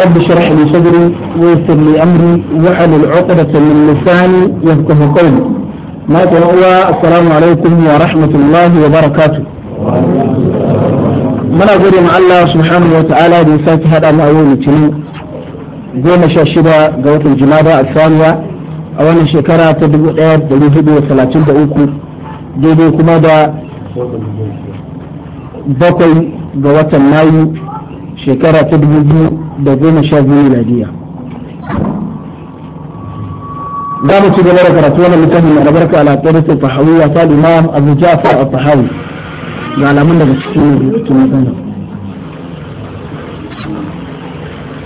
رب شرح لي صدري ويسر لي امري واحلل عقدة من لساني يفقه قولي. ما تنقل السلام عليكم ورحمة الله وبركاته. من اقول مع الله سبحانه وتعالى بنسات هذا ما هو متنين. قوم شاشدة قوت الجمادة الثانية أو أن الشكرة تدعو إير دليل هدو وثلاثين دعوكو دعوكو ماذا بطل قوت المايو shekara ta dubu biyu da goma sha biyu miladiya za mu ci gaba da karatu wannan littafin da albarka ala tarihi tahawiyya ta imam abu ja'far at-tahawi ga alamun daga cikin rubutun magana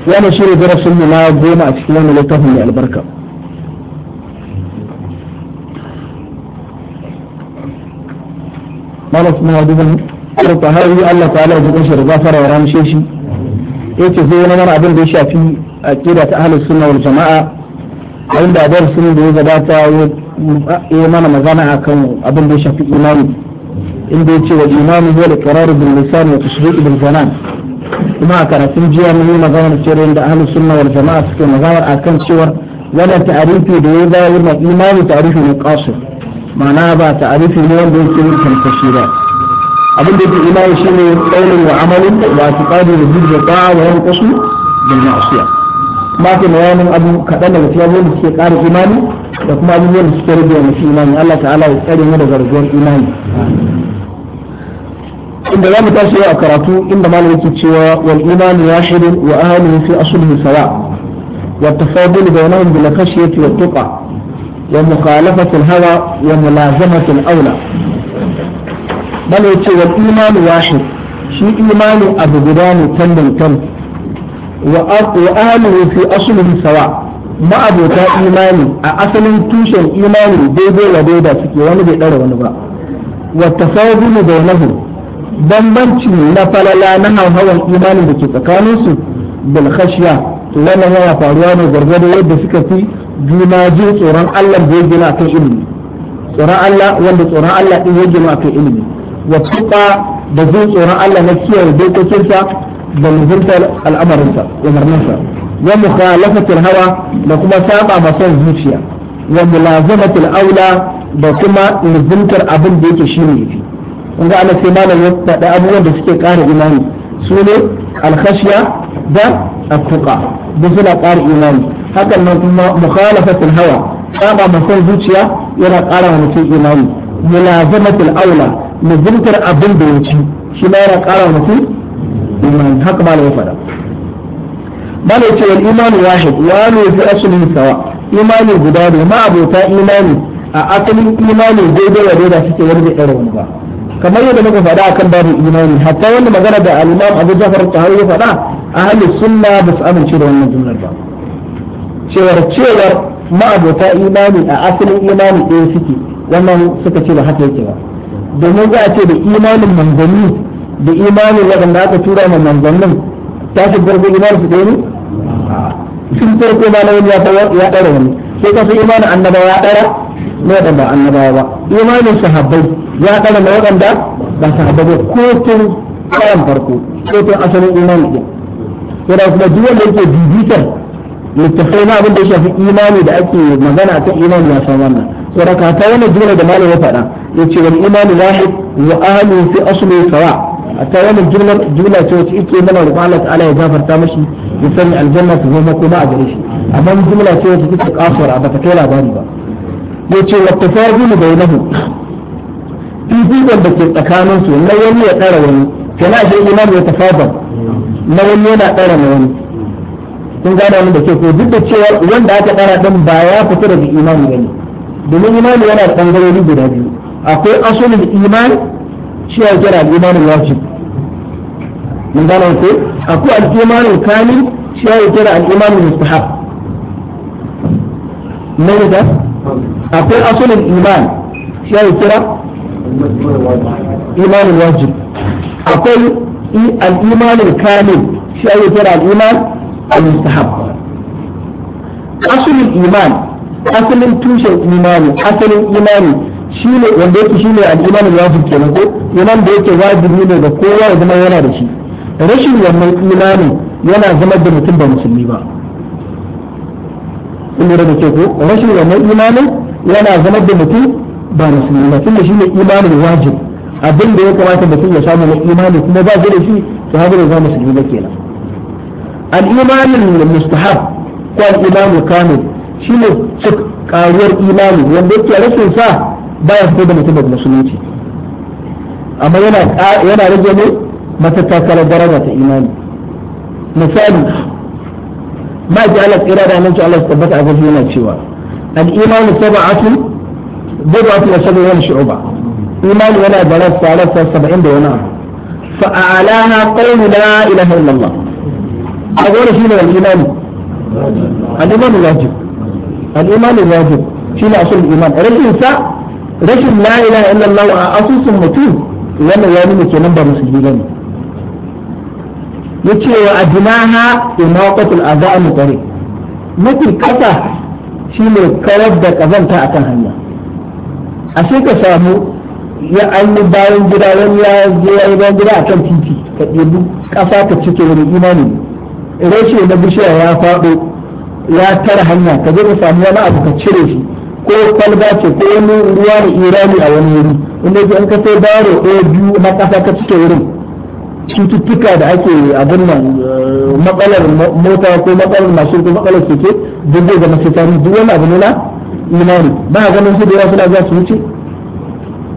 wannan shi ne darasin mu na goma a cikin wannan littafin da albarka malas na duban الطهاري الله تعالى يجب أن يشرب غفر ورامشيشي yake zai wani mana abin da ya shafi a kira ta ahlus sunna wal jamaa wanda inda abar sun da ya gabata ya mana magana akan abin da ya shafi imani inda yace wa imani huwa da iqrar bil lisan wa tashriq bil zanan kuma a karatun jiya mun yi magana cewa inda ahlus sunna wal jamaa suke magana akan cewa wannan ta'arifi da ya bayar na imani ta'arifi ne qasid ma'ana ba ta'arifi ne wanda yake tantashi ba abin da yake imani shine tsaunin wa amalin wa da bi dhikra wa da bil ma'siyah ma ke bayanin abu kaɗan daga cikin abubuwan da suke ƙara imani da kuma abubuwan da suke rage mutum imani Allah ta'ala ya tsare mu daga rabuwar imani inda za mu tashi a karatu inda malam yake cewa wal imanu wahidun wa ahluhu fi aslihi sawa' والتفاضل بينهم بالخشية والتقى ومخالفة الهوى وملازمة الأولى bala ce wa imanu wahid shi imani abu guda ne kan wa ahlihi fi sawa ma'abota imani a asalin tushen imani daidai wa suke wani bai ɗara wani ba wa da bainahum bambanci na falala na hauhawar imani da ke tsakaninsu bil khashiya to wannan yana faruwa ne gargado yadda suka fi juna tsoron Allah da ya gina ilimi tsoron Allah wanda tsoron Allah din ya gina akan ilimi wa tuqa da jin tsoron Allah na kiyaye dokokinsa da lubuntar al'amarinsa umarninsa wa mukhalafatul hawa da kuma saba masa zuciya wa mulazamatul aula da kuma lubuntar abin da yake shine yafi kun ga Allah sai malam ya faɗa abubuwan da suke ƙara imani Sune, ne da atuqa da suna ƙara imani hakan nan kuma mukhalafatul hawa saba masa zuciya yana ƙara wa mutum imani mulazamatul aula nazartar abin da ya ci shi ma yana kara mutum imani haka ma da ya faɗa bala ce wal imanu wahid wa ne fi asalin sawa imani guda ne ma abota imani a asalin imani daidai wa daidai suke wani da irin ba kamar yadda muka faɗa akan babu imani hatta wani magana da al-imam Abu Ja'far Tahawi ya faɗa ahli sunna ba su amince da wannan jumlar ba cewar cewar abota imani a asalin imani ɗaya suke wannan suka ce da haka yake ba domin za a ce da imanin manzanni da imanin waɗanda aka tura ma manzannin ta shi farko imanin su ɗaya ne sun farko ma na wani ya ɗara wani sai ka san imanin annabawa ya ɗara na waɗanda annabawa ba imanin sahabbai ya ɗara na waɗanda ba sahabbai ba ko tun karan farko ko tun asalin imanin ɗin yana kuma duk wanda yake bibitar littafai na abin da ya shafi imani da ake magana akan imani ya san wannan saboda ta wannan jumla da malam ya faɗa yace wani imanu wahid wa ahlu fi asli sawa ta wannan jumlar jumla ce wacce yake mana da Allah ta'ala ya gafarta mashi ya sani aljanna ta zama kuma a gare shi amma jumla ce wacce take kasuwar ba ta kai labari ba yace wa tafadilu bainahu fifikon da ke tsakanin su na wani ya tsara wani kana shi imam ya tafadal na wani yana tsara na wani kun gane wani da ke ko duk da cewa wanda aka tsara din ba ya fita daga imani bane domin imani yana da ɓangarori guda biyu akwai asulul iman shi ya kira al'imanin wajib mun gane ko akwai al'imanin kamil shi ya kira al'imanin mustahab mun ga akwai asulul iman shi ya kira imanin wajib akwai al'imanin kamil shi ya kira al'iman al-mustahab asulul iman asalin tushen imani asalin imani shi ne wanda yake shi ne da wajib kenan ko iman da yake wajibi ne da kowa ya zama yana da shi rashin wannan imani yana zama da mutum ba musulmi ba kun lura da ke ko rashin wannan imani yana zama da mutum ba musulmi ba tunda shi ne da wajibi abin da ya kamata mutum ya samu na imani kuma ba da shi to haka ne za musulmi ba kenan al'imani imanul mustahab ko al kamil shine cik karuwar imani wanda yake rashin sa baya fito da mutum daga musulunci amma yana yana rage ne matattakar daraja ta imani misali ma ji Allah tsira da annabi Allah tabbata a gaji yana cewa A iman sab'atu bid'atu wa sab'un shu'ba imani yana da rassa rassa 70 da wani abu fa a'laha qawlu la ilaha illallah a gore shine al-iman al-iman wajib al-iman wajib shine asul iman rashin sa rashin la a asusun mutum wannan ya nuna kenan ba musulmi bane yace wa adnaha imaqatul adha'an tariq mafi kasa shine karar da kazanta akan hanya ashe ka samu ya an bayan gida wani ya je ya yi bayan gida akan titi ka ɗebi ƙasa ka cike wani imani rashe na bishiya ya faɗo ya tara hanya ka je ka samu wani abu ka cire shi ko kwalba ce ko wani ruwa da irani a wani wuri inda yake an kasai baro ɗaya biyu na ƙasa ka cike wurin cututtuka da ake abin nan eh, matsalar mota ko matsalar mashin ko matsalar keke duk zai zama cutani duk wani abu ne na imani ba a ganin su da yawa suna za su wuce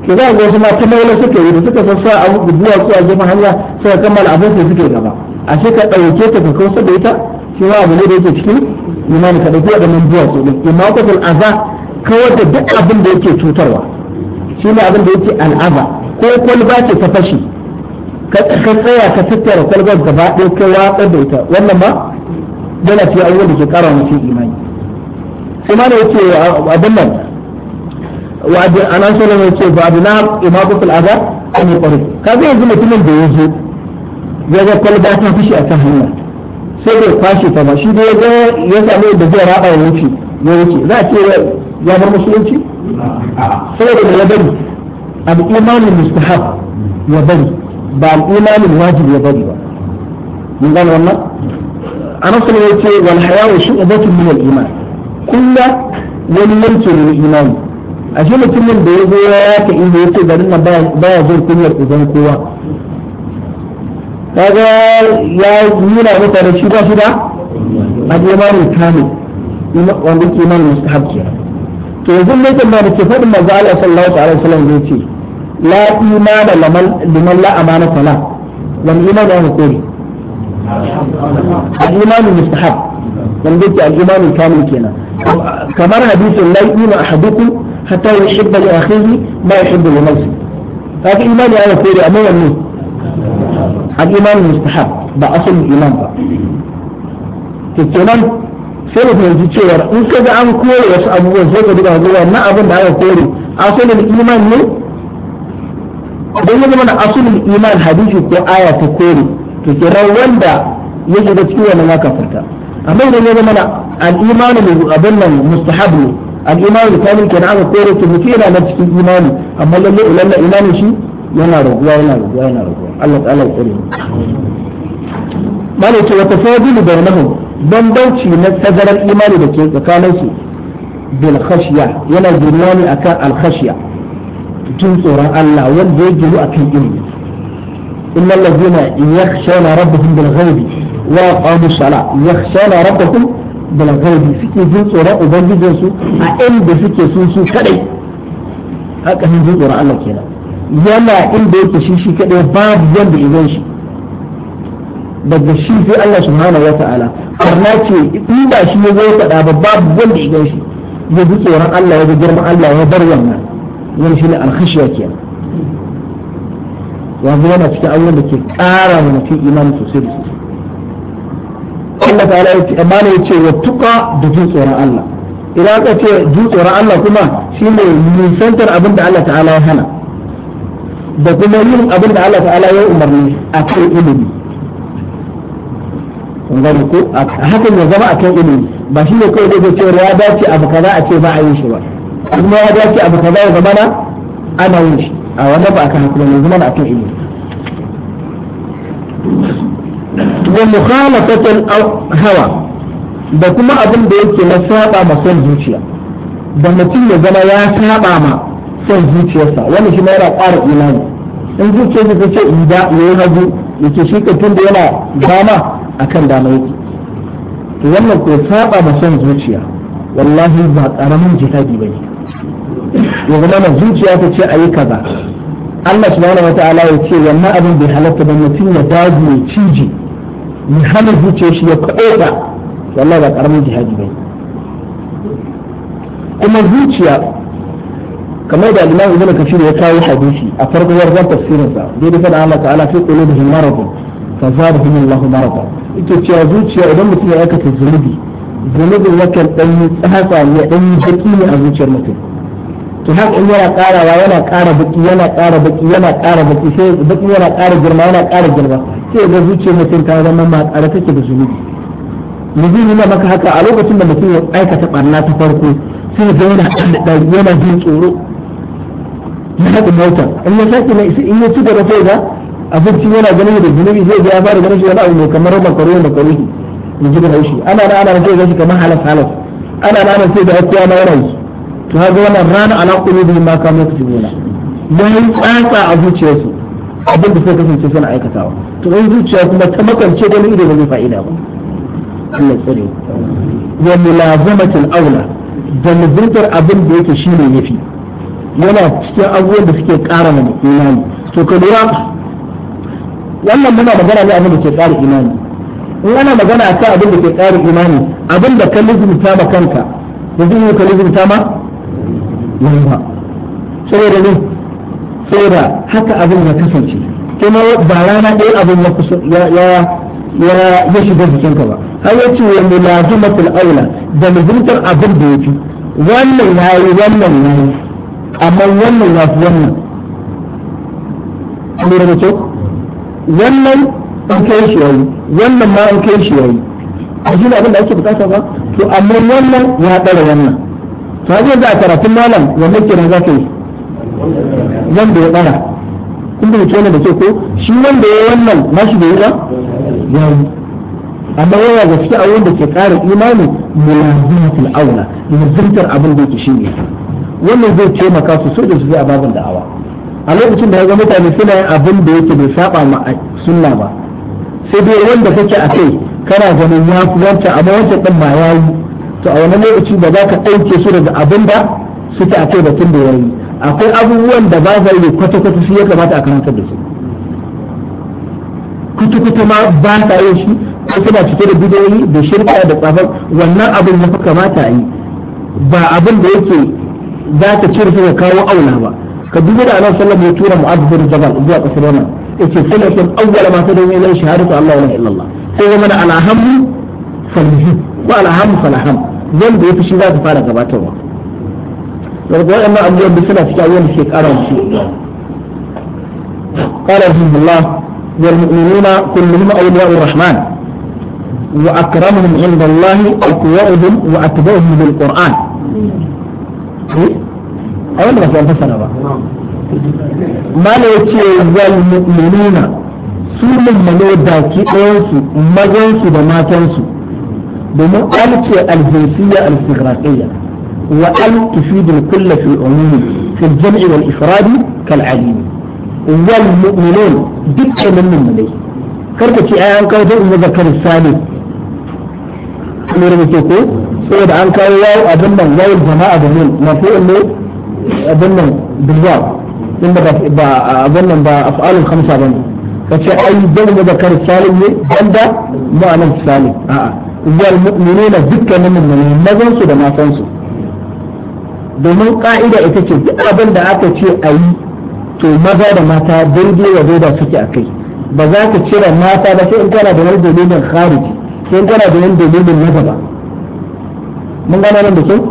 ke za a ga wasu mata maula suka yi da suka sassa a guguwa ko a gefen hanya suka kammala abin sai suke gaba a sai ka ɗauke ta ka kawo da ita shi ma abu ne da yake cikin imani ka dauki wadannan duwatsu din imaqatul aza kawar da duk abin da yake cutarwa shi ne abin da yake al'aza ko kwalba ce ta fashi ka tsaya ka tattara kwalbar gaba ɗaya kai watsar da ita wannan ba yana ce abubuwan da ke kara mutum imani sai ma da yake abin nan wa anan sallam yace ba na adna imaqatul aza an yi qari kaga yanzu mutumin da ya zo ya ga kwalba ta fashi a kan hanya sai bai kwashe ta ba shi da ya samu da zai raba ya wuce ya wuce za a ce ya bar musulunci saboda ya bari al imanin mustahab ya bari ba al imanin wajibi ya bari ba mun gane wannan anas ne yace wal haya'u shu'batun min al iman kullu wani mulki ne imani a shi mutumin da ya zo ya ta inda yace garin nan baya jin kunyar uban kowa kaga ya nuna mutane da shi ba shi da al-imamu kamil wanda ke imamu mustahab ke to yanzu ne kan da ke faɗin manzo Allah sallallahu alaihi wasallam zai ce la imana laman liman la amana fala wal imanu ya hukuri al-imamu mustahab wanda ke al-imamu kamil kenan kamar hadisin la imanu ahadukum hatta yuhibba li akhihi ma yuhibbu li nafsihi kaga imani ya hukuri amma wannan al mustahab ba asalin iman ba to kenan sai mu fahimci cewa in ka ga an kore wasu abubuwan sai ka duba ga wannan abin da aka kore asalin iman ne idan ya zama na asalin iman hadisi ko aya ta kore to kenan wanda ya shiga cikin wannan ya kafarta amma idan ya zama na al-iman ne abin nan mustahab ne al-iman kenan aka kore to mutum yana na cikin imani amma lalle lalle imani shi yana raguwa yana raguwa yana raguwa Allah ta'ala ya tsare malai ce wata fadilu bainahum bambanci na tazarar imani da ke tsakanin su bil khashiya yana ginuwa ne akan al khashiya jin tsoron Allah wanda ya giru akan ilimi innal ladina yakhshawna rabbahum bil ghaibi wa aqamu salat yakhshawna rabbahum bil ghaibi suke jin tsoron ubangijinsu a inda suke sun kadai haka jin tsoron Allah kenan yana inda yake shi shi kadai babu wanda ya gan shi daga shi sai Allah subhanahu wa ta'ala karna ce in ba shi ya zai faɗa ba babu wanda ya gan shi ya ji tsoron Allah ya ga girman Allah ya bar wannan yan shi ne alkhashiya kenan yanzu yana cikin abubuwan da ke ƙara wa mutum imani sosai da sosai Allah ta'ala ya ce amana ya ce wa tuka da jin tsoron Allah idan aka ce jin tsoron Allah kuma shi ne nisantar abin da Allah ta'ala ya hana da kuma yin abin da Allah ta'ala ya umarni a kan ilimi kun gani ko hakan ya zama a kan ilimi ba shi ne kawai daga cewa ya dace abu kaza a ce ba a yi shi ba kuma ya dace abu kaza ya zama na ana yin shi a wanda ba a kan hakuri ne zama na a kan ilimi wa mukhalafatul hawa da kuma abin da yake na saba ma son zuciya da mutum ya zama ya saba ma son zuciyarsa wanda shi ma yana ƙara imani in zuciyarsa ta ce in da ya yi hagu ke shi tun da yana dama kan dama yake to wannan ko saba da son zuciya wallahi ba ƙaramin jihadi ne ya zama na zuciya ta ce yi kaza Allah subhanahu wataala ya ce wannan abin bai halatta ba mutum ya daji ya ciji ya hana zuciyar shi ya kaɗo wallahi ba ƙaramin jihadi ne kuma zuciya kamar da Imam Ibn Kathir ya kawo hadisi a farko wajen tafsirin sa dai da Allah ta'ala fi qulubihim maradun fa zadahum Allah marada yake cewa zuciya idan mutum ya aikata zunubi zunubi yakan dan yi tsatsa ne dan yi baki ne a zuciyar mutum to haka in yana karawa yana kara baki yana kara baki yana kara baki sai baki yana kara girma yana kara girma sai ga zuciyar mutum ta zama ma kara take da zunubi mutum yana maka haka a lokacin da mutum ya aikata barna ta farko sai ga yana yana jin tsoro ya haɗa mota in ya sake na in ya ci gaba kai ga abinci yana ganin da zunubi zai ga ya fara ganin shi wani abu mai kamar makaroni makaroni in ji da haushi ana na ana sai shi kamar halas halas ana na ana sai da kowa na yana yi to haka wannan rana ala qulubihim ma kanu yaktubuna yi tsatsa a zuciyarsu abin da sai kasance suna aikatawa to in zuciya kuma ta makance ganin ido ba zai fa'ida ba Allah tsare wa mulazamatul aula da muzuntar abin da yake shine yafi yana cikin abubuwan da suke ƙara mana imani to ka lura wannan muna magana ne abin da ke ƙara imani in ana magana akan abin da ke ƙara imani abin da ka lizumta ma kanka da zai ka lizumta ma yawa saboda ne saboda haka abin ya kasance kuma ba rana ɗaya abin ya kusa ya ya shiga jikinka ba har ya ce wa mulazimatul aula da muzuntar abin da ya fi wannan yayi wannan yayi amma wannan ya fi wannan lura da kyau wannan an kai shi yayi wannan ma an kai shi yayi a shi abin abinda ake bukata ba to amma wannan ya ɗara wannan to a yanzu a karatun malam wannan kenan za ka yi wanda ya ɗara kun da mutuwa da kyau ko shi wanda ya wannan ma shi da yi ba ya yi amma yawa ga fita a wanda ke ƙara imani mulazimatul aula yanzantar abin da yake shi ne wannan zai taimaka su so su zai ababin da da'awa a lokacin da ga mutane suna yin abin da yake bai saba ma sunna ba sai dai wanda kake a kai kana ganin ya fi wancan amma wancan din ma ya yi to a wani lokaci ba za ka ɗauke su daga abin da suke a kai batun da ya yi akwai abubuwan da ba za yi kwata-kwata su ya kamata a karantar da su kwata-kwata ma ba ta yin shi ko suna cike da bidiyoyi da shirka da tsafar wannan abin ya fi kamata a yi ba abin da yake za ka cire ka kawo auna ba ka duba da annabi sallallahu alaihi wasallam ya tura mu'adh jabal zuwa kasar yaman yace sunnatun awwala ma da ila shahadatu allah la ilaha illallah sai ya mana alhamdu falhi wa alhamdu falham wanda yafi shi za ta fara gabatarwa daga waɗannan abubuwan da suna cikin abubuwan da ke kara su قال رحمه الله والمؤمنون كلهم أولياء الرحمن وأكرمهم عند الله أقوأهم وأتبعهم بالقرآن Hmm? a wanda ba su an fassara ba mana ya ce wal mu'minuna su da baki ɗayansu mazansu da matansu domin alce aljinsiyya alfigraqiyya wa al tufidul kulla fi umumi fi jam'i wal ifradi kal alimi wal mu'minun dukkanin mummune karka ce ayan kawo da umma zakar sani da ke ko saboda an kawo wawu abin nan wawul jama'a da na mafi'ul ne abin nan bizar inda ba abin nan ba a af'alul khamsa bane kace ai dan da zakar salim ne banda ma'anar salim a'a na mu'minina dukkanin mu'minin mazan su da matan su domin ka'ida ita ce duk abin da aka ce ayi to maza da mata daidai wa da suke a kai ba za ka cire mata ba sai in kana da wani dalilin khariji sai in kana da wani dalilin na gaba من قال لهم بسوء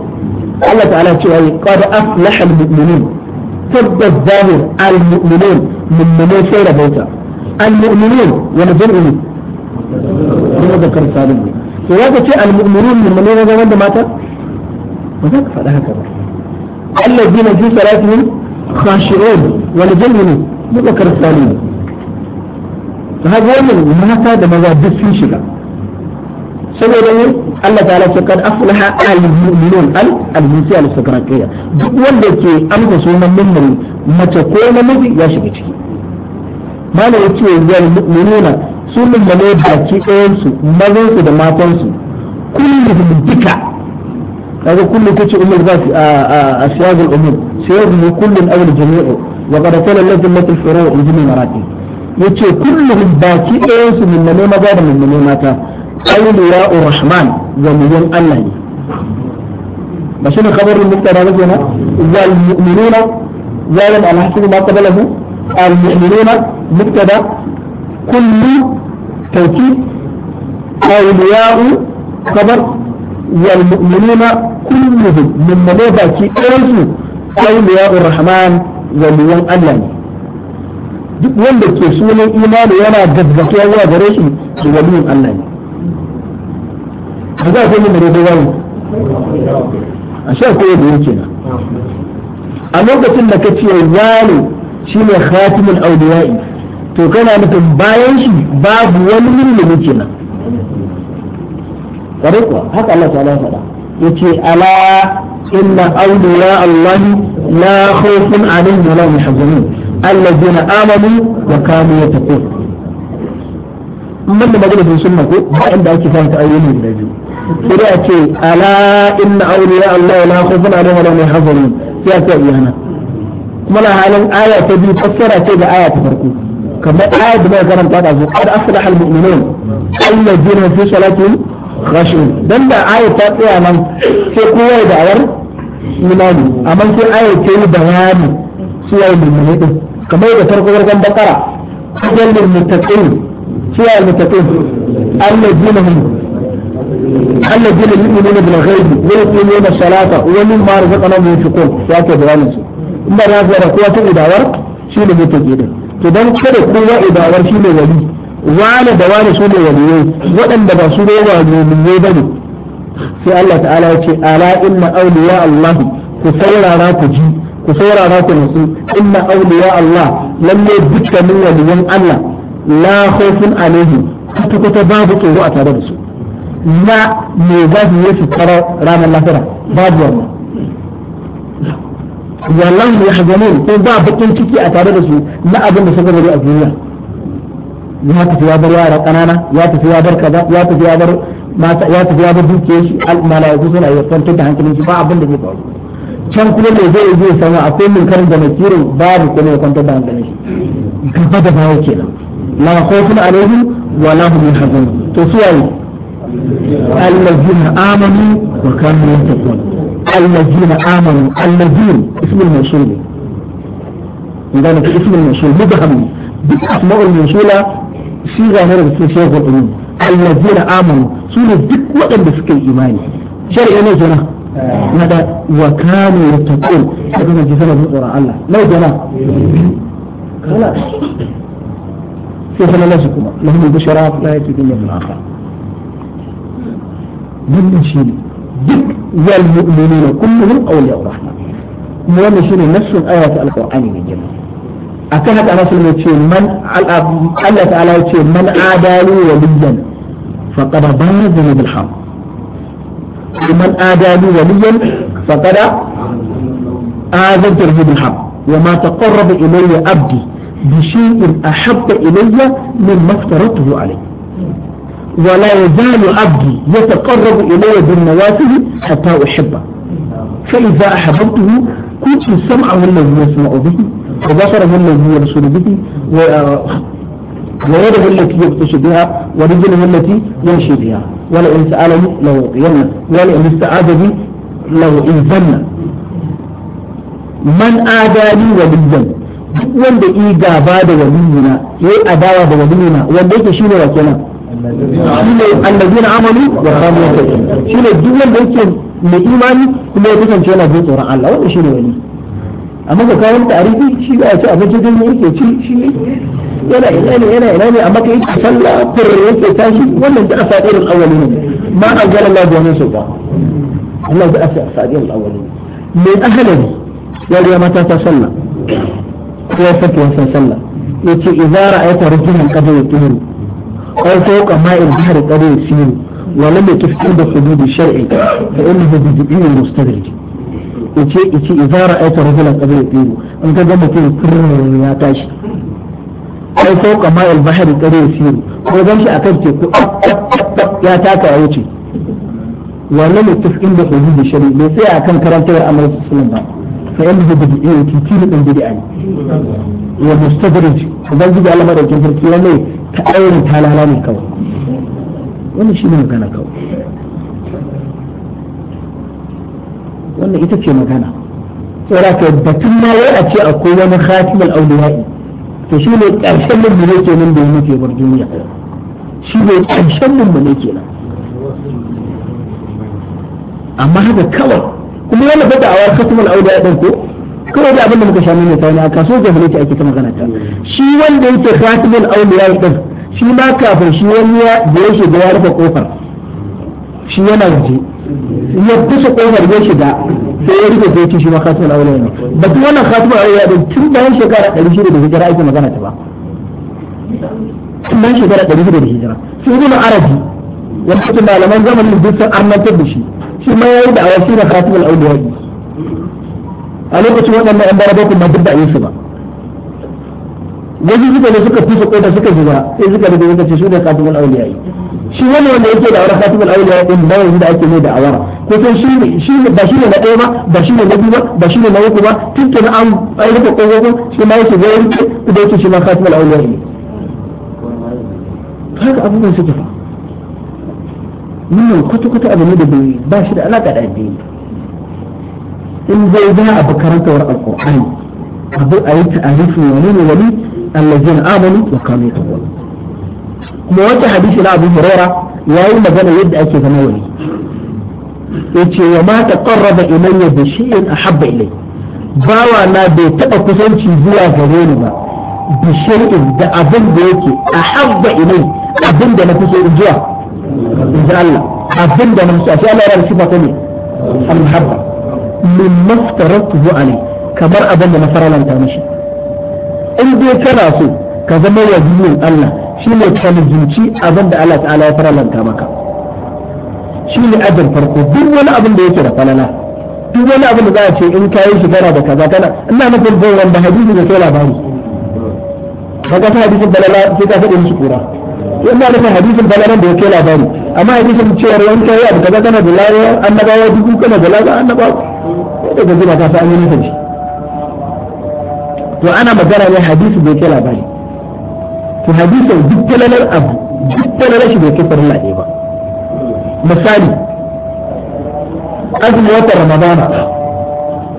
الله تعالى شوي قد أفلح المؤمنين تبدا الظاهر المؤمنين من منو سيرة بيتا المؤمنون ومن المؤمنين ما ذكر سالم فواجه شيء المؤمنون من منو هذا وين ماتا ما ذكر هذا كذا الذين في صلاتهم خاشعون ولجنهم ما ذكر سالم فهذا وين ما هذا ما ذا بس فيه شيء سبب Allah ta'ala ce kad aflaha al-mu'minun al al-jinsiya al-sakrakiyya duk wanda ke amsa sunan mummuni mace ko namiji ya shiga ciki mana yace wal mu'minuna sun mummune baki ɗayan su mazan su da matan su kulluhum duka kaga kullu kace umar zafi a asiyagul umur sayyidun kullun aw al-jami'u wa qad qala allazi latil furu'u min marati yace kullum baki ɗayan su mummune maza da mummune mata awliya urrahman waliyan Allah ne ba shi ne kabarin mubtada ba kenan wal mu'minuna zalim al ma qablahu al mu'minuna mubtada kullu tawkid awliya kabar wal mu'minuna kulluhum min mabaki ɗayansu awliya urrahman waliyan Allah ne duk wanda ke sunan imani yana gaggatuwa zuwa gare shi ki waliyin Allah ne ba za a san yin daidai wani a sha koyar da yake na a lokacin da ka ce wani shi ne khatimin auliya'i to kana nufin bayan shi babu wani mulmi kenan kare kuwa haka Allah ta ya faɗa yace ala inna awliya Allah la khawfun alaihim wa la hum yahzanun alladhina amanu wa kanu yattaqun mun da magana sun sunna ko ba inda ake fara ta ayoyi guda biyu sai a ce ala inna awliya Allah la khawfun alaihim wa la hum yahzanun sai a ce iyana kuma na halin aya ta biyu fassara ce da aya ta farko kamar aya da muka karanta da su qad aflaha almu'minun alladhina fi salatihim khashi'un dan da aya ta tsaya nan sai kowa da awar imani amma sai aya ta yi bayani su yayin mu'mini din kamar da farko wargan bakara ajalul muttaqin su yayin muttaqin alladhina hum الذين يؤمنون بالغيب ويقيمون الصلاة ومما رزقناهم ينفقون ya ke bayanin su in ba na fara kowa idawar shi ne mutum gidan to don kada kowa idawar shi ne wali da wane su ne waliyai waɗanda ba su ne waliyai ba ne sai Allah ta'ala ya ce ala inna awliya Allah ku saurara ku ji ku saurara ku nutsu inna awliya Allah lalle dukkanin waliyan Allah la khawfun alaihim kuta babu tsoro a tare da su na me za su yi su tsara ranar lahira babu wannan wallahu yahzanun ko ba bakin ciki a tare da su na abin da suka bari a duniya ya tafi ya bar yara kanana ya tafi ya bar kaza ya tafi ya bar mata ya tafi ya bar dukiyar shi almalaiku suna ya kwanta da hankalin shi ba abin da zai faru can kuma mai zai zai sama akwai munkarin da nakirin babu kuma ya kwanta da hankalin shi gaba da baya kenan la khawfun alaihim wa la hum yahzanun to su waye الذين آمنوا وكانوا ينتقون الذين آمنوا الذين اسم الموصول عندنا في اسم الموصول مبهم بأسماء الموصولة صيغة غير صيغة الأمم الذين آمنوا سورة دك وقت بسكي إيماني شرع نزلة ماذا وكانوا يتقون هذا جزاء من قراء الله لا جنا خلاص سيخلى الله سكوما لهم البشرات لا يجدون من آخر من نشيل ذك كلهم أولياء الرحمن ومن شين نفس الآية القرآن من جميع أكهد الرسول يتشين من ألا تعالى يتشين من عادالي وليا فقد ضمن ذنوب الحق ومن عادالي وليا فقد آذن ذنوب الحق وما تقرب إلي أبدي بشيء أحب إلي مما افترضته عليه ولا يزال عبدي يتقرب إلي بالنوافل حتى أحبه فإذا أحببته كنت سمعه الذي يسمع به وبصره الذي يبصر به ويده التي يبطش بها ورجله التي يمشي بها ولئن سألني لو قيمنا ولئن استعاذ بي انزلنا من اذاني وبالذنب duk wanda i gaba da waliyina ya yi adawa da waliyina wanda yake shi ne wa kenan shine annabiyina amanu wa kanu yattaqun shine duk wanda yake mai imani kuma ya kasance yana jin tsoron Allah wannan shine wani amma tarihi shi ya ce abinci din yake ci yana yana ne amma kai sallah yake tashi wannan da asa awwalin ma an gara Allah da wannan Allah da awwalin ya riya mata ta sallah ko ya wasan sallah yace idza ra'aita rajulan qad أو فوق ماء البحر قد يسير ولم يكف عند الشرع فإنه بجبين المستدرج yace yace idza ra'aita rajulan qabla yuqimu in ka ga mutum kurrin ya tashi ai ko kama al bahri kare yasiru ko gan shi akan teku ya taka ya wuce wannan mutafin da hudud shari'a bai sai ba da ya mustadraj ubangiji Allah madaukin sarki wani ta ayyana talala ne kawai wannan shi ne magana kawai wannan ita ce magana tsora ka batun ma wai a ce akwai wani khatimul awliya'i to shi ne ƙarshen mun ne kenan da yake bar duniya shi ne ƙarshen mun ne kenan amma haka kawai kuma yana fada a wa khatimul awliya'i din ko kawai da abin da muka sha mai tsaye a kasuwar jahilci ake ta magana ta shi wanda yake khatibul awliya din shi ma kafin shi wani ya da ya shiga ya rufe kofar shi yana waje ya kusa kofar ya shiga sai ya rufe sai shi ma khatibul awliya ne ba duk wannan khatibul awliya din tun bayan shekara 600 da hijira ake magana ta ba tun bayan shekara 600 da hijira sai ibn arabi wani malaman zamanin duk sun arnatar da shi shi ma yayi da awasi da khatibul awliya a lokacin waɗannan an baraba kuma duk da a su ba wajen suka ne suka fusa kota suka zuba sai suka rage suka ce su ne katimul auliya shi wani wanda yake da awar katimul auliya din ba yanzu da ake mai da awara ko kan shi ne shi ne ba shi ne na ɗaya ba ba shi ne na biyu ba ba shi ne na uku ba tun kenan an an rufe kogogo shi ma yake zai rike da yake shi ma katimul auliya ne haka abubuwan suke fa nuna kwata-kwata abu ne da bai ba shi da alaƙa da addini in zai ba abu karantawar alkur'ani abu a yi ta'arifi wani ne wani allazina amanu wa kanu tawwal kuma wata hadisi na abu ya yi magana yadda ake zama wani yace wa ma taqarraba ilayya bi shay'in ahabba ilay bawa na bai taba kusanci zuwa gare ni ba bi shay'in da abin da yake a ahabba ilay abin da na kusa zuwa inda Allah abin da na kusa sai Allah ya rubuta ne al-mahabba mimma aftaratuhu alai kamar abin da na faralanta mishi in dai kana so ka zama waliyin Allah shine ka lizinci abin da Allah ta'ala ya faralanta maka shine ajin farko duk wani abin da yake da falala duk wani abin da za a ce in kayi shi kana da kaza kana ina nufin zai wanda hadisi da kai labari kaga ta hadisin balala sai ka faɗi musu kura ina nufin hadisin balalan da ya kai labari amma hadisin cewar wanka ya abu kaza kana da lawa annabawa dubu kana da lawa annabawa daga gida ta an yi nufin shi to ana magana ne hadisi bai kai labari to hadisin duk talalar abu duk talalar shi bai kai farin laɗe ba misali azumin watan ramadana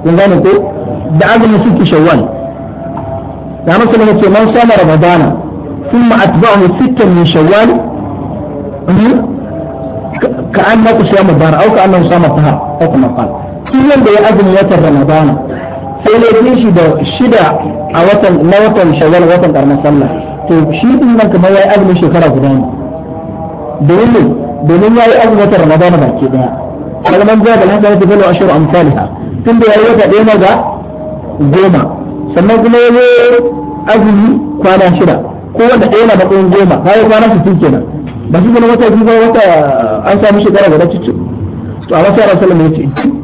kun gane ko da azumin suke shawwal da rasul ya ce man sama ramadana thumma atba'ahu sittan min shawwal ka annahu siyam bar au ka annahu sama tahar ko kuma qala duk wanda ya azumi watan ramadana sai laifin shi da shida a watan na watan shawwal watan karamar sallah to shi din nan kamar ya yi azumin shekara guda ne domin domin yi azumin watan ramadana ke daya kalman zaba lan zaba tafalu ashru amsalha tunda yi wata daya ga goma sannan kuma ya yi azumi kwana shida ko wanda ɗaya na matsayin goma kayi kwana su kenan ba shi kuma wata biyu ba wata an samu shekara guda cikin to a wasu rasulun ya ce duk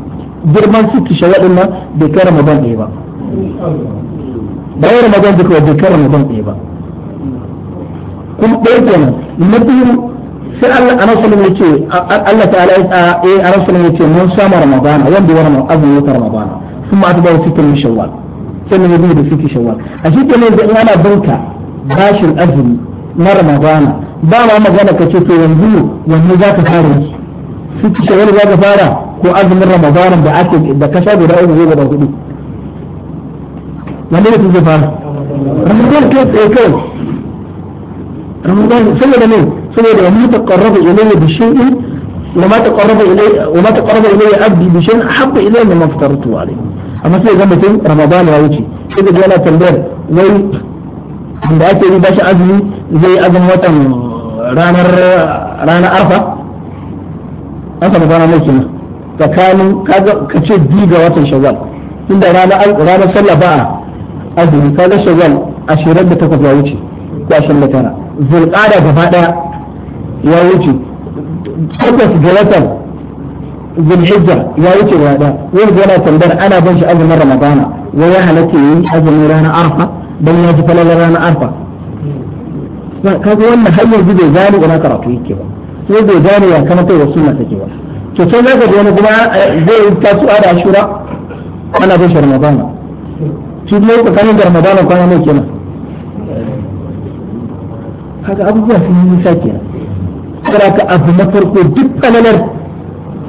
girman ciki shawadin nan bai kai ramadan ɗaya ba bayan ramadan duka bai kai ramadan ɗaya ba kuma ɗaya kenan na biyu sai Allah a rasulun ya ce Allah ta'ala ya a rasulun ya ce mun samu ramadan wanda ya wannan azumi wata ramadana sun ma ta bawa sitin shawwal sai mun yi da sitin shawwal a shi ne da in ana binka bashin azumi na ramadan ba ma magana kace to yanzu yanzu za ka fara sitin shawwal za ka fara ko azumin ramadanin da ake da ka sha guda uku da hudu wanda ne zai fara ramadan kai tsaye kai ramadan saboda ne saboda wani taqarraba ilayya bi shay'in wa ma taqarraba ilayya wa ma taqarraba ilayya abdi bi shay'in ahabba ilayya mimma aftaratu alayhi amma sai ga mutum ramadan ya wuce sai ga yana tambayar wai da ake yi bashi azumi zai azumin watan ranar ranar arfa an samu kwana mai kenan tsakanin ka ce biyu ga watan shawwal inda ranar sallah ba a azumi kaga shawwal ashirin da takwas ya wuce ko ashirin da tara zulƙada gaba ɗaya ya wuce takwas ga watan zulhijja ya wuce gaba ɗaya yanzu yana tambayar ana ban shi azumin ramadana wai ya halatta yi azumin ranar arfa don ya ji falalar ranar arfa kaga wannan har yanzu bai gane ina karatu yake ba sai bai gane ya kamata ya sunna take ba to sai zaka ji wani kuma zai taso a da ashura ana bin ramadan shi ne tsakanin da ramadan kwana ne kenan haka abubuwa sun yi nisa kenan kada ka abu na farko duk kananar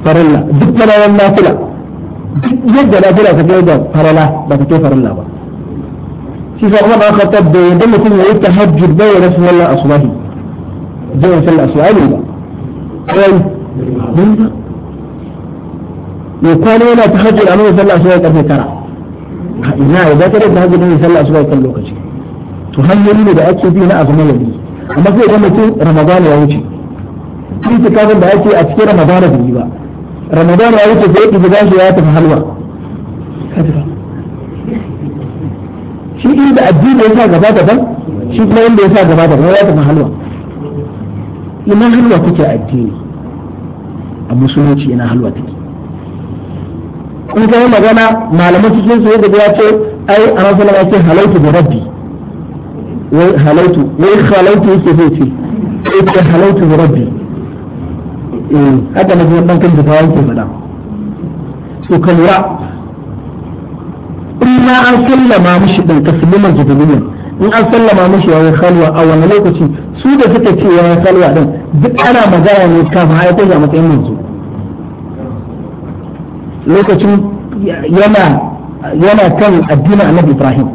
farilla duk kananar nafila duk yadda nafila ka kai da farala ba ka kai farilla ba shi sa kuma ba ka da yadda mutum ya yi tahajjud bai ya rasu wallan asubahi zai sallah asubahi ne ba kai ya kwana yana ta hajjul a mai sallah asuba karfe tara ina ya za ka da hajjul mai sallah asuba kan lokaci to hanyoyi ne da ake bi na azumin yabi amma sai ga mutum ramadana ya wuce tun kafin da ake a cikin ramadana da yi ba ramadana ya wuce sai ɗibi gashi ya tafi halwa shi inda addini ya sa gaba daban shi kuma inda ya sa gaba daban ya tafi halwa ina halwa kuke addini a musulunci ina halwa take in kai magana malaman cikin su yadda ya ce ai a rasu ya ce halaitu da rabbi wai halaitu wai halaitu yake zai ce ya ce halaitu da rabbi eh, haka na kuma bankan da kawai ke faɗa so ka lura in ma an sallama mushi ɗan taslimar jibiliyan in an sallama mushi yayin halwa a wani lokaci su da suka ce yayin halwa ɗin duk ana magana ne kafin haifar da matsayin manzo lokacin yana yana kan addinin annabi ibrahim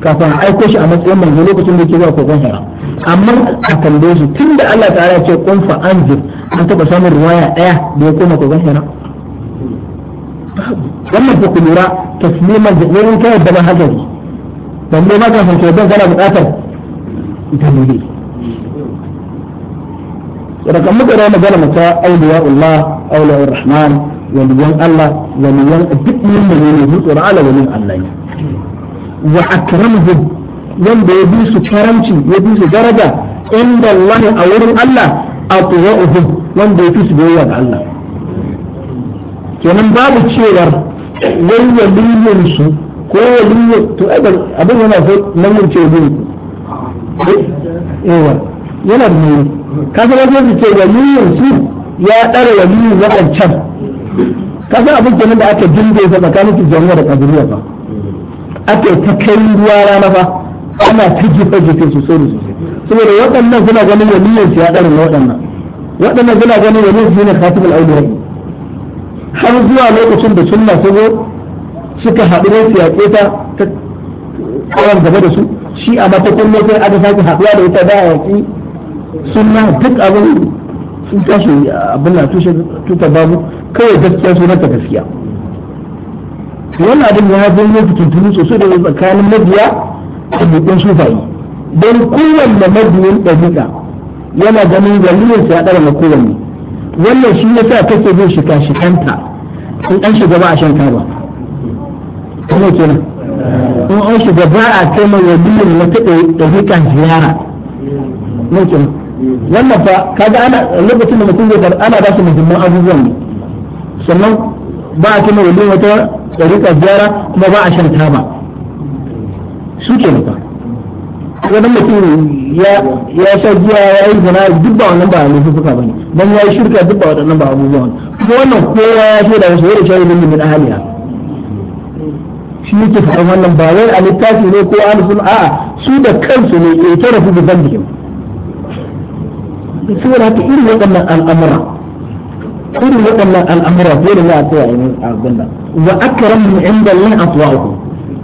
kafin aiko shi a matsayin manzo lokacin da yake zuwa kogon hira amma a tambaye shi tunda Allah ta ya ce kun fa anjir an taba samun ruwaya daya da ya koma kogon hira wannan fa ku lura tasliman da wurin kai da ban mahajari dan ne maka san ce dan kana bukatar dalili da kan muka rawa magana mata auliya Allah auliya Rahman waliyan Allah waliyan duk wanda ne ne tsoron Allah waliyan Allah ne wa akramuhum wanda ya bi su karamci ya bi su daraja inda Allah a wurin Allah atwa'uhum wanda ya fi su biyayya ga Allah kenan babu cewar wai waliyan su ko waliyan to abin yana so nan mun ce yawa yana da nauyi kaga wajen su ce waliyan su ya ɗara waliyan waɗancan kasan abin kenan da aka dinga ya tsakanin tijjaniya da kadiriya ba aka ta kai ruwa rana ba ana ta jifa jife sosai da su saboda waɗannan suna ganin waliyan su ya ɗarin waɗannan waɗannan suna ganin waliyan su ne khatibul auliyai har zuwa lokacin da sunna su zo suka haɗu da siyaƙe ta ta kawar gaba da su shi a matakin lokacin aka sake haɗuwa da ita da yaƙi sunna duk abin sun tashi abin na tushe tuta babu kawai gaskiya sunan ta gaskiya wannan abin ya haifar ne fitintunu sosai da tsakanin mabiya a bukin sufayi don kowanne mabiyin ɗabi'a yana ganin zaliyarsa ya ɗara na kowanne wannan shi ya sa take bin shiga shikanta in an shiga ba a shan kaba kuma kenan in an shiga ba a kai mai waliyin wata ɗabi'a ziyara ne kenan wannan fa kaga ana lokacin da mutum zai ana ba su muhimman abubuwan ne sannan ba a kuma wani wata tsarika gyara kuma ba a shan ba su ke nufa wani mutum ya sha giya ya yi zana duk ba wannan ba laifin suka ne don ya yi shirka duk ba waɗannan ba abubuwan kuma wannan kowa ya shaida wasu yadda shaida da min ahaliya shi yake faɗin wannan ba wai a littafi ne ko alisun a'a su da kansu ne ya eh, tarafi da zambihim saboda haka irin waɗannan al'amura irin waɗannan al'amura da za a tsaya a yi abin nan wa akramu inda Allah atwa'uhu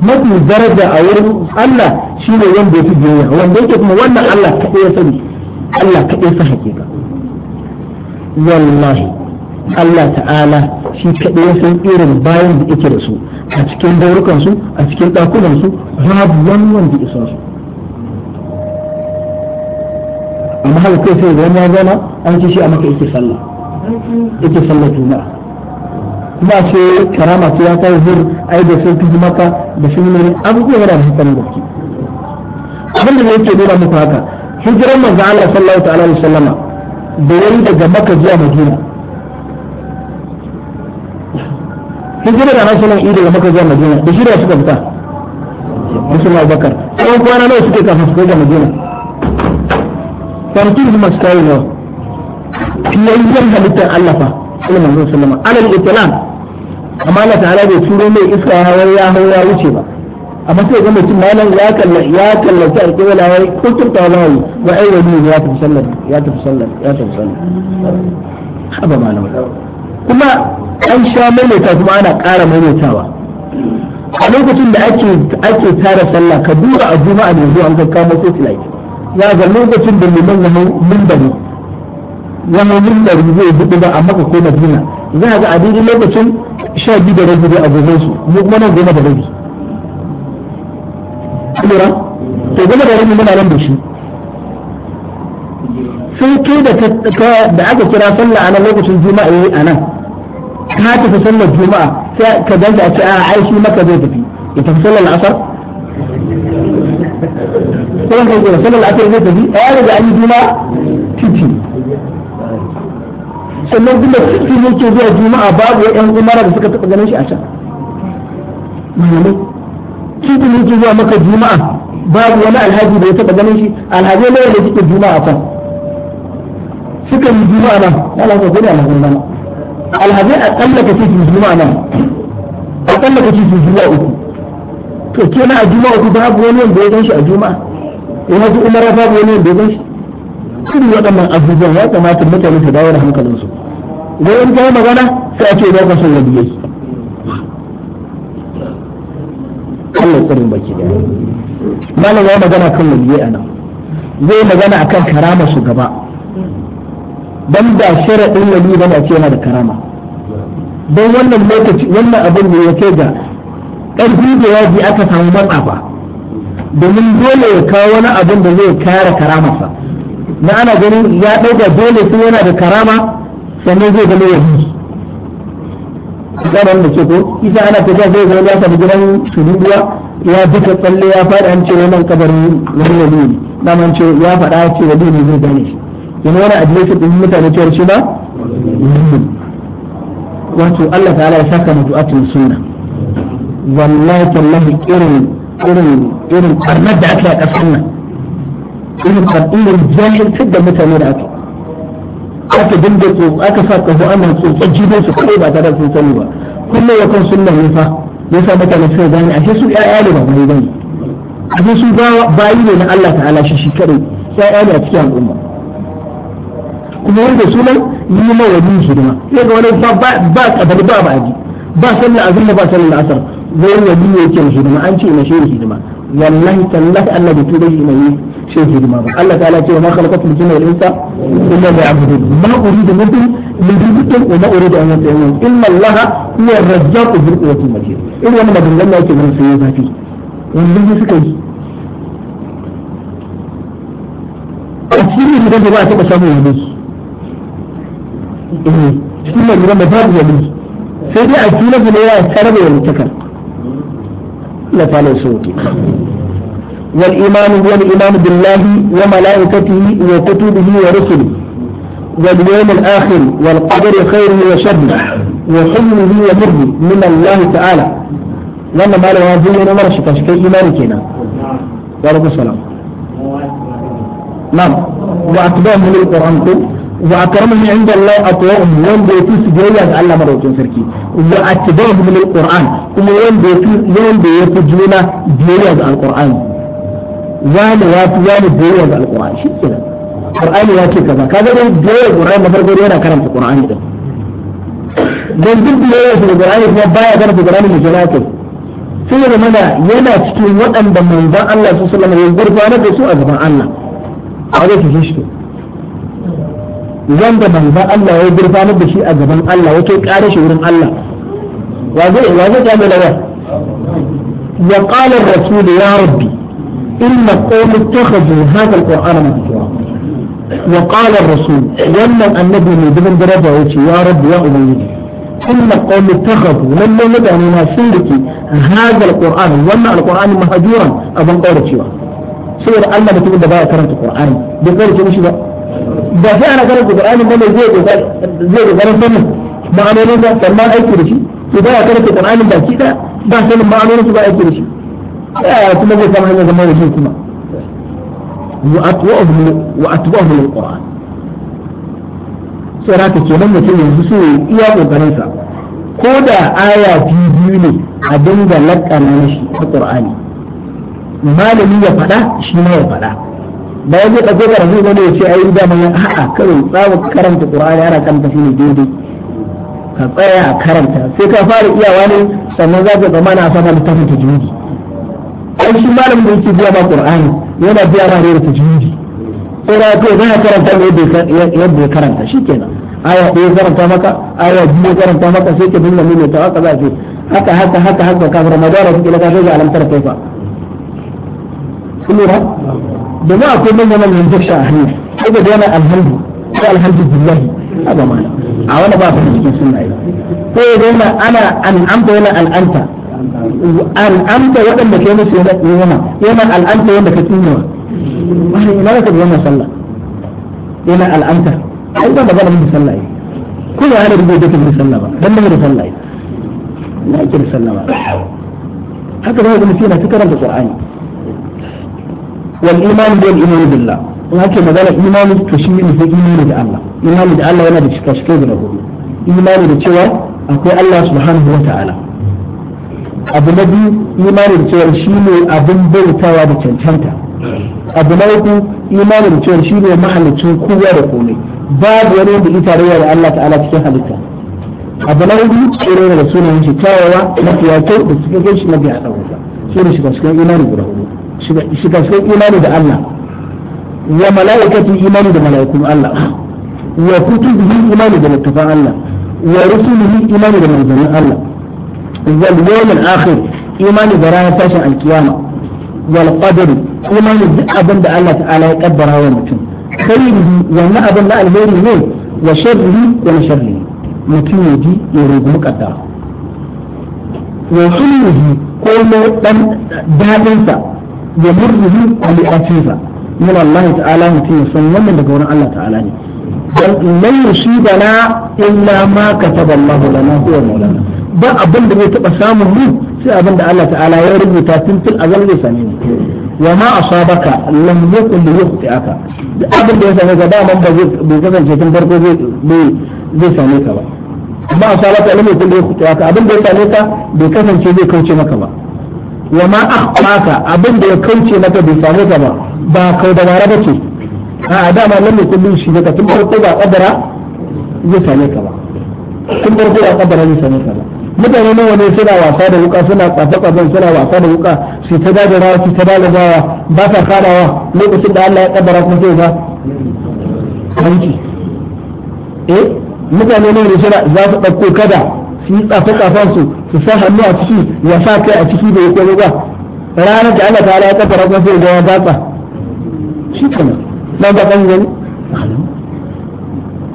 mafi daraja a wurin Allah shine wanda yake biyayya wanda yake kuma wannan Allah kaɗai ya sani Allah kaɗai sa hakika wallahi Allah ta'ala shi kaɗai ya san irin bayan da yake da su a cikin daurukansu a cikin ɗakunansu babu wannan da isa su amma haka kai sai wani ya zama an ce shi a maka yake sallah yake sallah juma'a kuma ce karama ce ya kai zur ai da sun fi maka da shi ne abubuwa yana da hikarin gaske abin da yake nuna muku haka hijiran manzo Allah sallallahu ta'ala alaihi wasallama da yayi daga maka zuwa Madina hijira da na nan ido daga maka zuwa Madina da shirya suka fita Musulman Abubakar, ɗan kwana nawa suke kafin su kai ga Madina. tantin kuma sai ne fiyayyen halittar Allah fa sallallahu alaihi wasallam alal itlam amma Allah ta'ala bai turo mai iska ya hawar ya hawar ya wuce ba amma sai ga mutum malam ya kalla ya kalla ta alƙawla wai kuntum tawali wa ai wani ya tafi sallar ya tafi sallar ya tafi sallar haba malam kuma an sha maimaita kuma ana ƙara maimaitawa a lokacin da ake tara sallah ka duba a juma'a da yanzu an kakka masu tilaki ya ga lokacin da liman ya hau mindari ya hau mindari zai buɗe ba a maka ko madina za a ga a daidai lokacin sha biyu da rabi da agogon su mu kuma nan goma da rabi lura to goma da rabi muna nan da shi sai kai da da aka kira sallah a nan lokacin juma'a yayi a nan ka tafi sallar juma'a sai ka danta a ce a ai maka zai tafi ya tafi sallar asar sai kai gura sallar asar zai a yare da an yi juma titi sannan kuma titi ne ke zuwa juma'a babu ya ɗan umara da suka taɓa ganin shi a can malamai titi ne ke zuwa maka juma'a babu wani alhaji da ya taɓa ganin shi alhaji ne da suke juma'a kan suka yi juma'a nan ya lafa gani alhajin nan alhaji a ƙalla ka titi juma'a nan a ƙalla ka titi juma'a uku to kenan a juma'a ku babu wani wanda ya ganshi a juma'a in eh, haji umara babu wani wanda ya ganshi irin waɗannan abubuwan ya kamata mutane su dawo da hankalinsu wurin ta magana sai a ce ba ka son wani yake Allah tsirin baki da malam ya magana kan waliyai a nan zai magana akan karama su gaba ban da sharaɗin wali ba ce yana da karama don wannan lokaci wannan abin ne ya kai ga ƙarfi da yaji aka samu matsafa domin dole ya kawo wani abin da zai kare karamarsa na ana ganin ya ɗauka dole sun yana da karama sannan zai zama yaji tsaron da ke ko isa ana tafiya zai zama ya samu gidan shududuwa ya duka tsalle ya faɗi an ce wannan kabarin wani wali ne daman ce ya faɗa ce wali ne zai gane shi yana wani adilesu ɗin mutane cewar shi ba wato Allah ta'ala ya saka mutu'atul sunna wallahi tallahi irin irin irin karnar da aka yi a ƙasar nan irin karnar jahiltar da mutane da aka aka dinga tsotsa aka sa kafa ana tsotsar jibin su kawai ba tare da sun sani ba kullum ya kan sunna ne fa ya sa mutane suka gane ashe su ƴaƴa ne ba bayi bane ashe su bayi ne na Allah ta'ala shi shi kare ƴaƴa ne a cikin al'umma kuma wanda sunan yi ma wani hidima sai ga wani ba ba kabar ba ba ba sallar azumma ba sallar asar zai wali ya ke hidima an ce na shi hidima wallahi tallahi Allah bai tura shi mai shi hidima ba Allah ta'ala ce ma khalaqatul jinna wal insa illa liya'budun ma uridu minkum min rizqin wa ma uridu an yut'imun illa Allah huwa ar-razzaqu dhul quwwati matin irin wannan maganganun da yake mun sai zafi wallahi suka yi a cikin da ba a taɓa samun wani eh cikin da ba babu wani sai dai a cikin da ne ya tsara da wani takar لفعل سوء والإيمان هو الإيمان بالله وملائكته وكتبه ورسله واليوم الآخر والقدر خيره وشره وحلمه ومره من الله تعالى لما ما له هذه ne mara shika shikai imani kenan wa السلام نعم na'am من القرآن wa akramu inda Allah atwa'um wanda yafi su biyayya ga Allah madaukakin sarki wa atba'u min alquran kuma wanda yafi wanda yafi juna biyayya ga alquran wani yafi wani biyayya ga alquran shi kenan qur'ani ya ce kaza kaga dai biyayya ga alquran na farko yana karanta qur'ani din dan duk biyayya ga alqur'ani kuma baya karanta qur'ani ne jama'a kai sai ya zama yana cikin waɗanda manzon Allah sallallahu alaihi wasallam ya gurfanar da su a gaban Allah a wajen shi shi wanda manzan Allah ya gurfanar da shi a gaban Allah ya ƙara shi wurin Allah wa zai wa zai kame da ya qala ar-rasul ya rabbi inna qawmi ittakhadhu hadha al-qur'ana mahjura wa qala ar-rasul wannan annabi ne dubin daraja yace ya rabbi ya ubangiji inna qawmi ittakhadhu lalle mutane na sun rike hadha al-qur'an wannan al-qur'ani mahjuran aban Sai da Allah mutumin da baya karanta qur'ani bai kaurace mishi ba ba sai ana karanta Qur'anin ba ne zai zai kokarin sanin ma'anonin kan sannan aiki da shi to ba ya karanta Qur'anin baki da ba sanin ma'anonin su ba aiki da shi ya kuma zai samu hanyar zama da shi kuma wa atba'uhu al-Qur'an sai raka kenan mutum yanzu so iya kokarin sa ko da aya biyu ne a dinga lakana shi ta Qur'ani malami ya faɗa shi ma ya faɗa bayan zai ɗauko karatu ne ya ce ai dama ya a'a kawai tsawo karanta qur'ani ana karanta shi ne daidai ka tsaya a karanta sai ka fara iyawa ne sannan za ka zama na fara ta tajwidi ai shi malam da yake biya ma qur'ani yana biya ma ta tajwidi sai na kai za ka karanta ne yadda ya karanta shi kenan aya ɗaya karanta maka aya biyu karanta maka sai ka dinga nuna ta haka za ka haka haka haka haka kafin ramadana kike da ka ga alamtar kaifa fa lura da za a kai manyan manyan jaksha a hanyar sai da dole alhamdu ko alhamdu billahi haba mana a wani ba su cikin sunna yi ko ya dole ana an'amta yana al'anta al'amta waɗanda kai musu yana yana yana al'amta wanda ka tsinewa wani ina ka biyan sallah yana al'amta ai ba magana mun sallah yi ko ya hada rubuta kin sallah ba dan da sallah yi na kin sallah ba haka da wani mutum yana ta karanta qur'ani والإيمان هو الإيمان بالله لكن ما ذلك إيمان تشمي من إيمان الله إيمان الله وانا بشكاشكي بنا إيمان بشوى أقول الله سبحانه وتعالى أبو نبي إيمان بشوى الشيني أبن بيتا وابا تنتانتا أبو نبي إيمان بشوى الشيني محل تنكوى ركولي باب ورين بإيتا ريا الله تعالى في حالتا أبو نبي إيمان بشوى الشيني تاوى نفياتو بسكيش نبي أحسابه سورة شكاشكي إيمان بشوى shigaskan imani da Allah wa mala'ikatu imani da mala'ikun Allah wa kutubihi imani da littafan Allah wa rusulihi imani da manzannin Allah wal yawmil akhir imani da ranar tashin alkiyama wal qadar imani da abin da Allah ta'ala ya kaddara wa mutum khairihi wannan abin da alheri ne wa sharrihi wa sharrihi mutum ya ji ya rubu kaddara wa sulhi ko dan dadinsa ya murruhu al-afiza min Allah ta'ala mutum ya san wannan daga wurin Allah ta'ala ne dan lan yusibana illa ma kataba Allah lana huwa maulana ba abin da zai taba samun mu sai abin da Allah ta'ala ya rubuta tun tun azal zai same ni wa ma asabaka lam yakun li yukhti'aka da abin da ya same ka daman ba zai kasance tun farko zai same ka ba amma asabaka lam yakun li yukhti'aka abin da ya same ka bai kasance zai kauce maka ba wa ma akhfaka abin da ya kauce maka bai samu ka ba ba kai da ba ce a dama nan ne kullum shi daga tun farko ba kadara zai same ka ba tun farko ba kadara zai same ka ba mutane nawa wani suna wasa da wuka suna kwafe kwafen suna wasa da wuka su ta dada rawa su ta dada rawa ba ta karawa lokacin da Allah ya kadara kuma sai ga hanci eh mutane ne ne suna za su dauko kada su yi tsafe kwafen su ya sa hannu a ciki ya sa kai a ciki bai komai ba ranar da Allah ta'ala ya kafa rakon sai ga ya batsa shi kana nan ba kan gani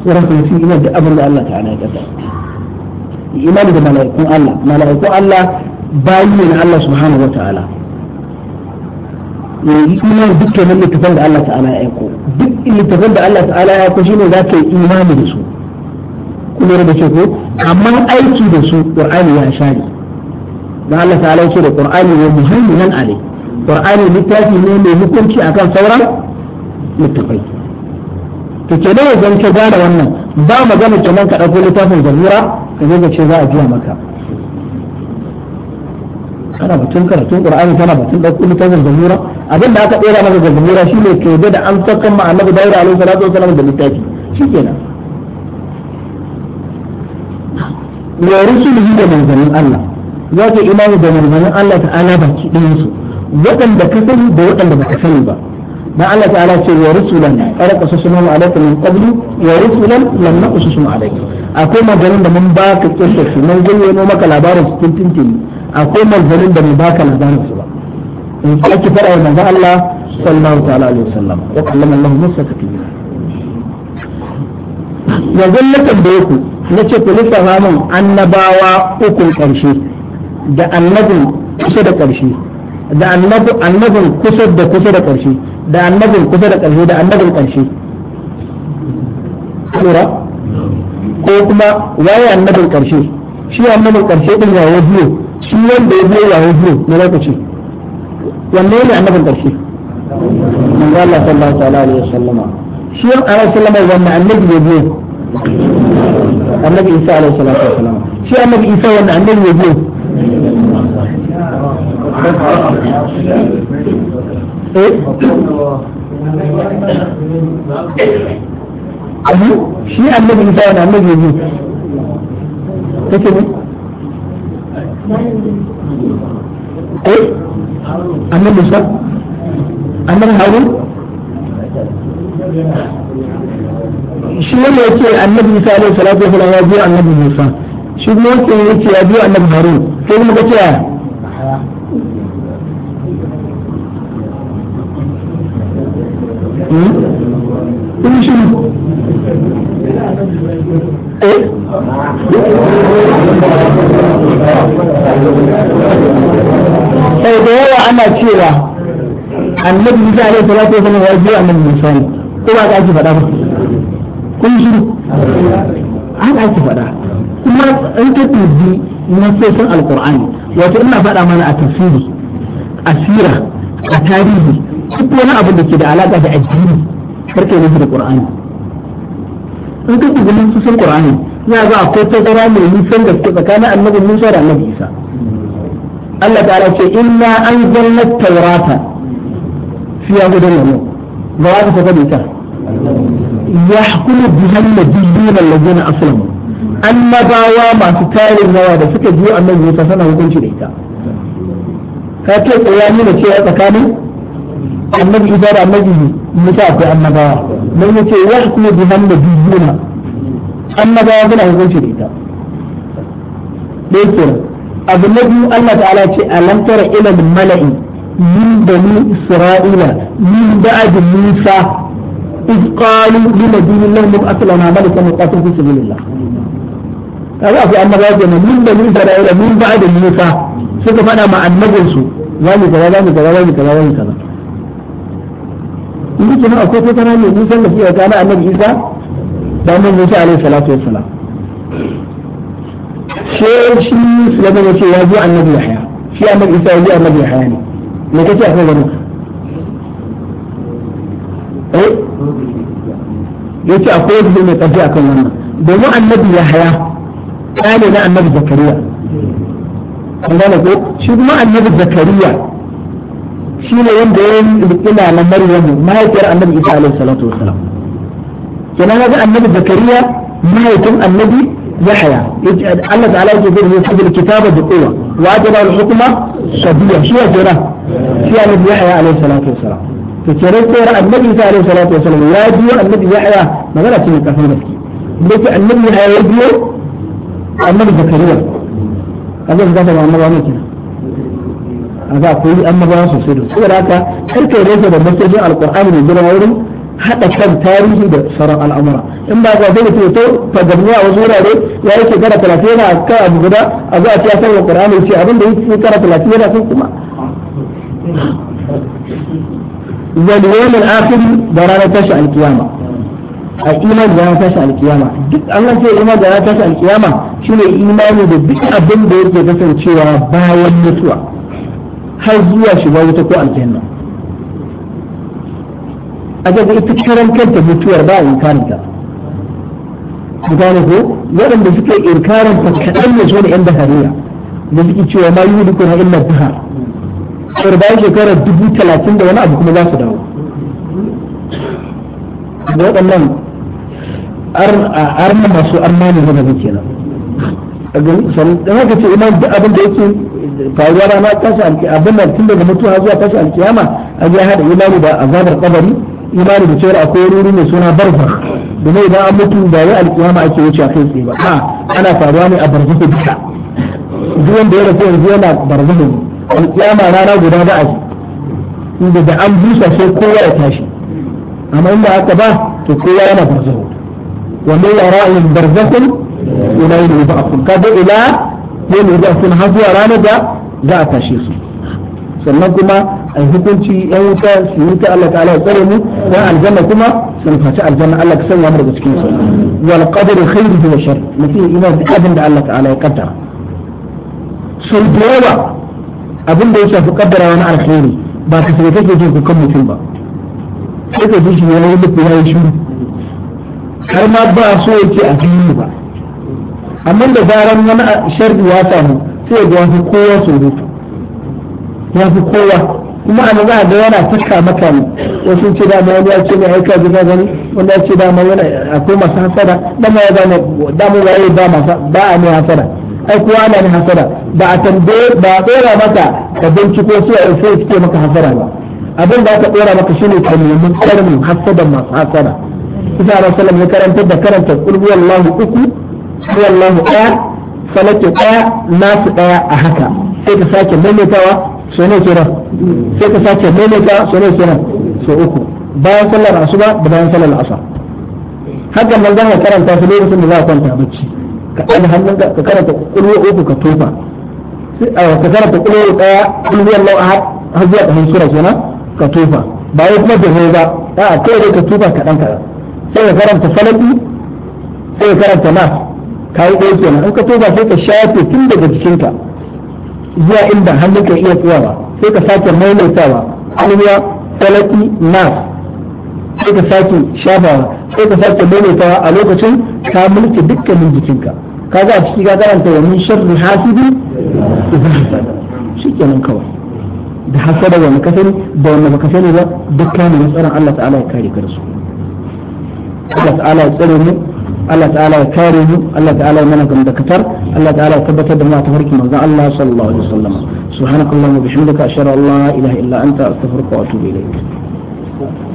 sai rafa yafi iman da abin da Allah ta'ala ya kafa imani da mala'ikun Allah mala'ikun Allah bayi ne na Allah subhanahu wata'ala yanzu imanin dukkanin littafan da Allah ta'ala ya aiko duk littafan da Allah ta'ala ya aiko shine za ka yi imani da su kuma da ce ko amma aiki da su qur'ani ya share da Allah ta'ala ya ce da qur'ani wa muhaiminan alai qur'ani littafi ne mai hukunci akan sauran littafai to ke da yanzu ka gane wannan ba magana kenan ka dauko littafin zabura ka zai ka ce za a biya maka kana batun karatun qur'ani kana batun dauko littafin zabura abin da aka dora maka zabura shine ke da an saka ma annabi daura alaihi salatu wasallam da littafi shikenan wa rusulihi da manzannin Allah za ka imani da manzannin Allah ala baki ɗayan su waɗanda ka sani da waɗanda ba ka sani ba dan Allah ta'ala ce wa rusulan qad qasasna alaykum min qablu wa rusulan lam naqsusum alaykum akwai maganin da mun baka kirkar su mun gayyano maka labarin su tintin akwai maganin da mun baka labarin su ba in ka ki fara manzo Allah sallallahu ta'ala alaihi wasallam wa kallama Allah Musa taklima ya zallatan da yake na ce ku lissafa min annabawa ukun ƙarshe da annabin kusa da ƙarshe da annabin kusa da kusa da ƙarshe da annabin kusa da ƙarshe da annabin ƙarshe kura ko kuma waye annabin ƙarshe shi annabin ƙarshe din yawo biyu shi wanda ya biyo yawo biyu na lokaci wanne ne annabin ƙarshe manzo Allah sallallahu alaihi wasallama shi an ara sallama wannan annabi ne biyo النبي عيسى عليه الصلاة والسلام شيء النبي عيسى وانا إيه؟ النبي يقول أبو شيء النبي عيسى وانا النبي يقول تكلم ايه النبي موسى النبي هارون shi wanda yake annabi Isa alaihi salatu wa salam ya biyo annabi Musa shi kuma wanda yake ya biyo annabi Harun sai kuma kace ya hmm? kun shi eh sai da yawa ana cewa annabi Isa alaihi salatu wa salam ya biyo annabi Musa ko ba ka ji faɗa ba kun shiru an ake faɗa kuma in ka tuzi nasoshin alkur'ani wato ina faɗa mana a tafsiri a sira a tarihi duk wani abu da ke da alaƙa da addini karka yi da qur'ani in ka tuzi nasoshin qur'ani ya ga akwai tazara mai nisan gaske tsakanin annabi Musa da annabi Isa Allah ta'ala ce inna anzalna at-taurata fiya hudan wa nur ga wata ta يحكم بها النبيون الذين أسلموا annabawa masu tarin rawa da suka biyo annabi Musa sana hukunci da ita ka ce tsaya nuna cewa tsakanin annabi Isa da annabi Musa akwai annabawa dan yace ya biyuna annabawa suna hukunci da ita dai abu na biyu Allah ta'ala ce alam tara mala'i min bani isra'ila min Musa إذ قالوا لمدين الله مب أسلنا ملكا مقاتل في سبيل الله قال في أن رجلا من بني إسرائيل من بعد موسى سوف أنا مع النبي سو وأني كذا وأني كذا وأني كذا وأني كذا إن جماعة كيف كان موسى في أجانا أن موسى دام موسى عليه الصلاة والسلام شيء شيء لما يجي يجي عن النبي يحيى في أن موسى يجي عن النبي يحيى يعني لكن تعرفون ايه ya ce akwai wanda mai ƙarfi akan wannan domin annabi ya haya ƙale na annabi zakariya an gane ko shi kuma annabi zakariya shi ne wanda ya yi na maryamu mahaifiyar annabi isa alaihi salatu wa wasalam kenan ga annabi zakariya mahaifin annabi Allah ta'ala ya يحيى da تعالى يقول يصحب الكتابة بقوة وأجر الحكمة صبيا شو أجره؟ شو أنبي alaihi salatu wa salam to kenan tsayar annabi ta alaihi salatu wasallam ya biyo annabi ya haya magana ce mai kafin gaske da ke annabi ya haya ya biyo annabi zakariya a zai zata ba annabawa ne kenan a za ku yi annabawa sosai da saboda haka har kai rasa da masajin alqur'ani ne girma wurin haɗa kan tarihi da sauran al'amura in ba ga dole ce to ta gabni a wasu wurare ya yake kara talatin yana kan abu guda a za a ci a san wa qur'ani ce abin da yake kara talatin yana kan kuma واليوم الآخر درارة تشع القيامة الإيمان درارة تشع القيامة الله سي إيمان درارة تشع القيامة شنو إيمان بدك أبن بيت يتسن شوى باية متوى هل زوى شباب تقوى الجنة أجل إتكرم كنت متوى باية إنكارك مكانه waɗanda suke irkarin fa kaɗan ne zuwa inda hariya da suke cewa ma yi dukkan illa bihar sai bayan shekarar dubu talatin da wani abu kuma za su dawo da waɗannan arna masu armani ne zama zai kenan dan haka ce imam duk abin da yake faruwa rana tashi alki abin da tun daga mutuwa zuwa tashi alkiyama a ya haɗa. imani da azabar kabari imani da cewar akwai wuri mai suna da mai idan an mutu ba wai alkiyama ake wuce kai tsaye ba ana faruwa ne a barzakh duka duk wanda ya rasu yanzu yana ne alƙiyama rana guda ba a yi inda da an busa sai kowa ya tashi amma inda aka ba to kowa yana barzahu wa min wara'ihim barzakhun ila yawmi yub'athun kada ila yawmi yub'athun har zuwa ranar da za a tashe su sannan kuma a hukunci yan wuta su wuta Allah ta'ala ya tsare mu dan aljanna kuma sun faci aljanna Allah ka sanya mu daga cikin su wal qadru khairuhu wa sharr mutum ina da abin da Allah ta'ala ya kaddara sun da yawa abin da ya shafi kaddara wani alkhairi ba ka sai kake jin kukan mutum ba sai ka ji shi ne wani mutum ya yi shuru har ma ba so yake a fili ba amma da zaran wani sharri ya samu sai ga wasu kowa ya fi kowa kuma a za a ga yana fuska maka ne wasu ce da ma wani ya ce mai aika ji ga gani wani ya ce da ma yana akwai masu hasada dama ya gane da ya yi ba masa ba a ne hasada ai kowa ana ne hasada ba a tambaye ba a tsora maka ka binciko su a sai suke maka hasara ba abin da aka tsora maka shine ka nemi karmin hasada masu hasara isa rasulullah ya karanta da karanta kulhu wallahu uku wallahu ɗaya salatu ɗaya nasu ɗaya a haka sai ka sake maimaitawa so ne kira sai ka sake maimaita so ne kira so uku bayan sallar asuba da bayan sallar asa haka nan zan ka karanta su lokacin da za a kwanta bacci ka ɗaga hannunka ka karanta kulhu uku ka tofa ka karanta kullu daya kullu wallahu ahad har zuwa ƙarshen sura kenan ka tufa ba wai kuma da ba a'a kai dai ka tufa kaɗan kaɗan sai ka karanta falaki sai ka karanta nas ka yi ɗaya kenan in ka tufa sai ka shafe tun daga jikinka zuwa inda hannun ka iya tsayawa sai ka sake maimaitawa kullu falaki nas sai ka sake shafawa sai ka sake maimaitawa a lokacin ka mulki dukkanin jikinka kaga a ciki ka karanta wa min sharri da idan hasad shikenan kawai da hasada wani ka sani da wani baka sani ba dukkan da tsaron Allah ta'ala ya kare ka da su Allah ta'ala ya tsare mu Allah ta'ala ya kare mu Allah ta'ala ya mana gamdakatar Allah ta'ala ya tabbatar da mu a tafarki manzon Allah sallallahu alaihi wasallam subhanakallahumma wa bihamdika ashhadu an la ilaha illa anta astaghfiruka wa atubu ilaik